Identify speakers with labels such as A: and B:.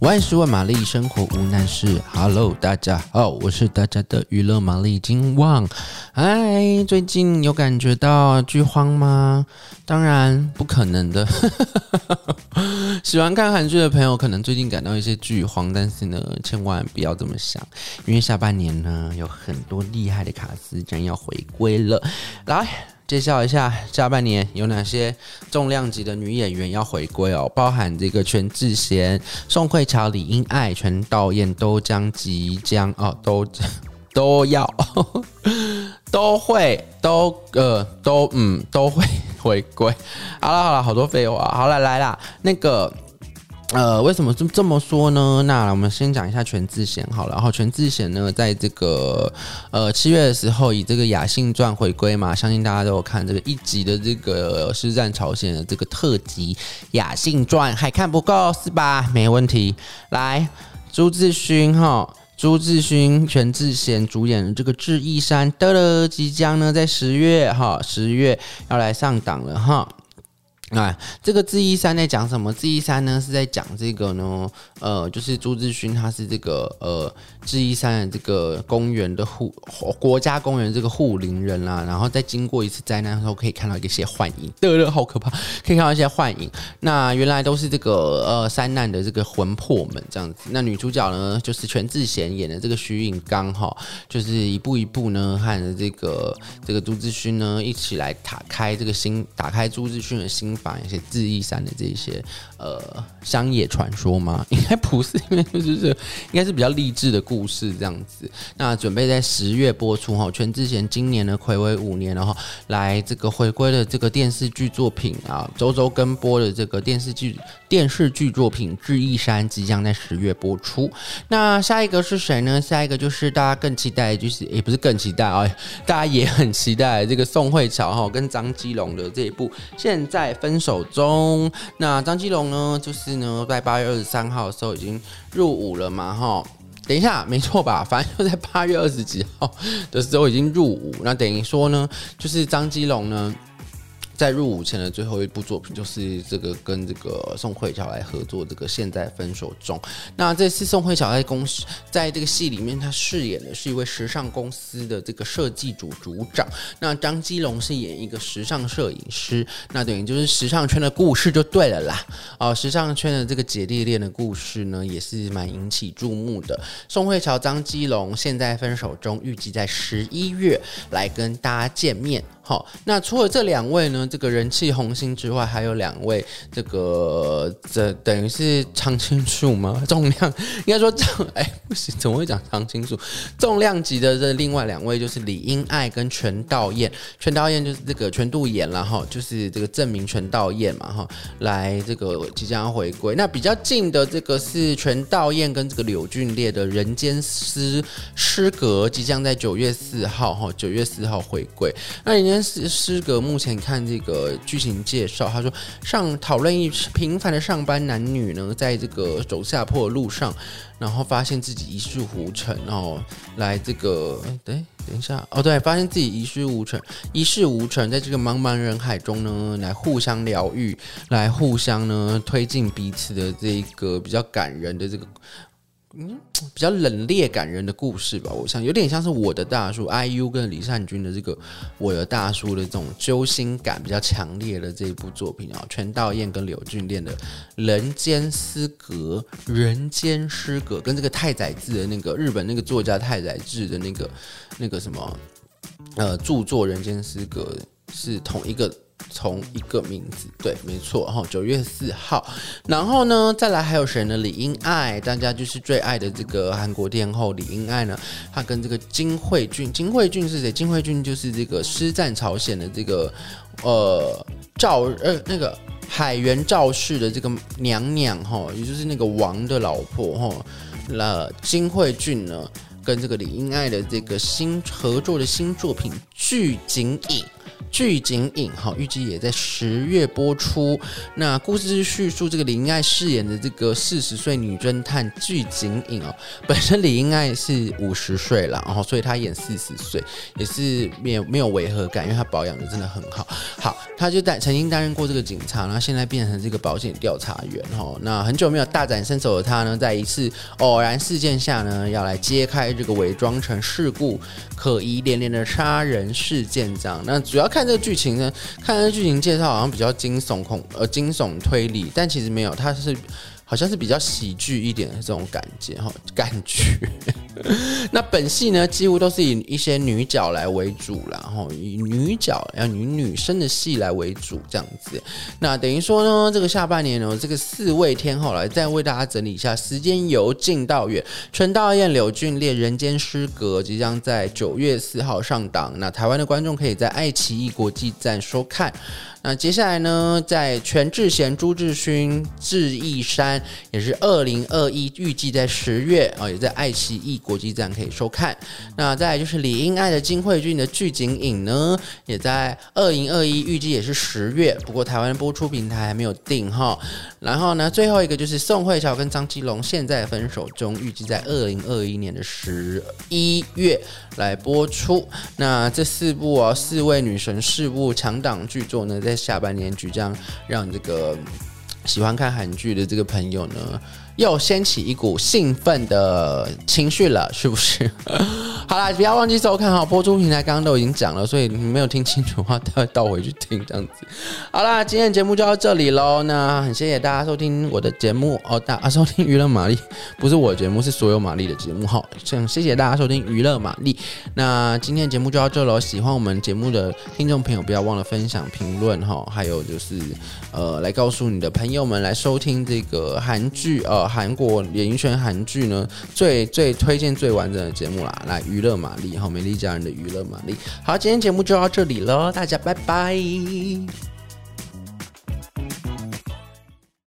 A: 我愛十萬瑪麗，生活無難事。Hello，大家好，我是大家的娛樂瑪麗金旺。哎，最近有感覺到劇荒嗎？當然不可能的。 喜歡看韓劇的朋友，可能最近感到一些劇荒，但是呢，千萬不要這麼想，因為下半年呢，有很多厲害的卡司將要回歸了。來。介紹一下下半年有哪些重量級的女演員要回歸哦，包含這個全智賢、宋慧喬、李英愛、全道嬿都將即將哦，都都要呵呵都會都呃都嗯都會回歸。好了好了，好多廢話、啊，好了來啦，那個。呃，為什麼這麼這麼說呢？那我們先講一下全智賢好了。然後全智賢呢，在這個呃七月的時候，以這個《雅信傳》回歸嘛，相信大家都有看這個一集的這個屍戰朝鮮的這個特輯《雅信傳》，還看不夠是吧？沒問題。來，朱智勳哈，朱智勳全智賢主演的這個《智異山》得得即將呢在十月哈，十月要來上檔了哈。齁那、嗯、這個《智異山》在講什麼？異山呢，《智異山》呢是在講這個呢？呃，就是朱智勳他是這個呃《智異山》的這個公園的護國家公園的這個護林人啦。然後在經過一次災難的時候，可以看到一些幻影。對了，好可怕，可以看到一些幻影。那原來都是這個呃山難的這個魂魄們這樣子。那女主角呢，就是全智賢演的這個徐穎剛哈、哦，就是一步一步呢和，這個這個朱智勳呢一起來打開這個心，打開朱智勳的心。講一些智異山的這些呃鄉野傳說嗎？應該不是，應該就是應該是比較勵志的故事這樣子。那準備在十月播出哈，全智賢今年的暌違五年了哈。來這個回歸的這個電視劇作品啊，周周跟播的這個電視劇電視劇作品《智異山》即將在十月播出。那下一個是誰呢？下一個就是大家更期待，就是也、欸、不是更期待啊，大家也很期待這個宋慧喬哈跟張基龍的這一部現在分分手中，那張基龍呢？就是呢，在八月二十三號的時候已經入伍了嘛，哈。等一下，沒錯吧？反正就在八月二十幾號的時候已經入伍，那等於說呢，就是張基龍呢。在入伍前的最後一部作品就是這個，跟這個宋慧喬來合作這個《現在分手中》。那這次宋慧喬在公司在這個戲裡面，她飾演的是一位時尚公司的這個設計組組長。那張基龍是演一個時尚攝影師。那等於就是時尚圈的故事就對了啦。啊，時尚圈的這個姐弟戀的故事呢，也是蠻引起注目的。宋慧喬、張基龍《現在分手中》預計在十一月來跟大家見面。好、哦，那除了這兩位呢？這個人氣紅星之外，還有兩位，這個這等於是常青樹嗎？重量應該說重哎、欸，不行，怎麼會講常青樹？重量級的這另外兩位就是李英愛跟全道嬿，全道嬿就是這個全度妍了哈，就是這個證明全道嬿嘛哈，來這個即將回歸。那比較近的這個是全道嬿跟這個柳俊烈的《人間失失格》，即將在九月四號哈，九月四號回歸。那《人間失失格》目前看這個。一個劇情介紹，他說上討論一平凡的上班男女呢，在這個走下坡的路上，然後發現自己一事無成哦，然後來這個，對，等一下哦，對，發現自己一事無成，一事無成，在這個茫茫人海中呢，來互相療癒，來互相呢推進彼此的這個比較感人的這個。嗯，比較冷冽感人的故事吧，我想有點像是我的大叔，IU 跟李善均的這個我的大叔的這種揪心感比較強烈的這一部作品啊，全道嬿跟柳俊烈的人《人間失格》，《人間失格》跟這個太宰治的那個日本那個作家太宰治的那個那個什麼呃著作《人間失格》是同一個。同一個名字，對，沒錯哈，九月四號。然後呢，再來還有誰呢？李英愛，大家就是最愛的這個韓國天后李英愛呢。她跟這個金惠俊，金惠俊是誰？金惠俊就是這個屍戰朝鮮的這個呃趙呃那個海原趙氏的這個娘娘哈，也就是那個王的老婆哈。那、呃、金惠俊呢？跟這個李英愛的這個新合作的新作品《具景伊》，《具景伊》哈，預計也在十月播出。那故事敘述這個李英愛飾演的這個四十歲女偵探具景伊哦。本身李英愛是五十歲了，然後所以她演四十歲也是沒有沒有違和感，因為她保養的真的很好。好，她就擔曾經擔任過這個警察，然後現在變成這個保險調查員哦。那很久沒有大展身手的她呢，在一次偶然事件下呢，要來揭開。這個偽裝成事故，可疑連連的殺人事件，這樣。那主要看這個劇情呢，看這個劇情介紹，好像比較驚悚恐呃驚悚推理，但其實沒有，它是。好像是比較喜劇一點的這種感覺哈、哦，感覺。 那本戲呢，幾乎都是以一些女角來為主啦，然、哦、以女角，要女女生的戲來為主這樣子。那等於說呢，這個下半年呢，這個四位天後來再為大家整理一下時間，由近到遠，全道嬿、柳俊烈、人間失格即將在九月四號上檔，那台灣的觀眾可以在愛奇藝國際站收看。那接下來呢，在全智賢、朱智勳、智異山。也是二零二一，預計在十月啊、哦，也在愛奇藝國際站可以收看。那再來就是李英愛的金惠俊的具景伊呢，也在二零二一，預計也是十月，不過台灣播出平台還沒有定哈、哦。然後呢，最後一個就是宋慧喬跟張基龍現在分手中，預計在二零二一年的十一月來播出。那這四部啊、哦，四位女神四部強檔劇作呢，在下半年即將讓這個。喜歡看韓劇的這個朋友呢？又掀起一股興奮的情緒了，是不是？ 好啦，不要忘記收看哈、喔。播出平台剛剛都已經講了，所以你沒有聽清楚的話，待會倒回去聽這樣子。好啦，今天的節目就到這裡嘍。那很謝謝大家收聽我的節目哦、喔，大家、啊、收聽娛樂瑪麗，不是我的節目，是所有瑪麗的節目哈。想、喔、謝謝大家收聽娛樂瑪麗。那今天的節目就到這嘍。喜歡我們節目的聽眾朋友，不要忘了分享、評論哈。還有就是，呃，來告訴你的朋友們來收聽這個韓劇啊。呃韓國、演藝圈、韓劇呢，最最推薦、最完整的節目啦，來娛樂瑪麗，好，美麗家人的娛樂瑪麗，好，今天節目就到這裡嘍，大家拜拜。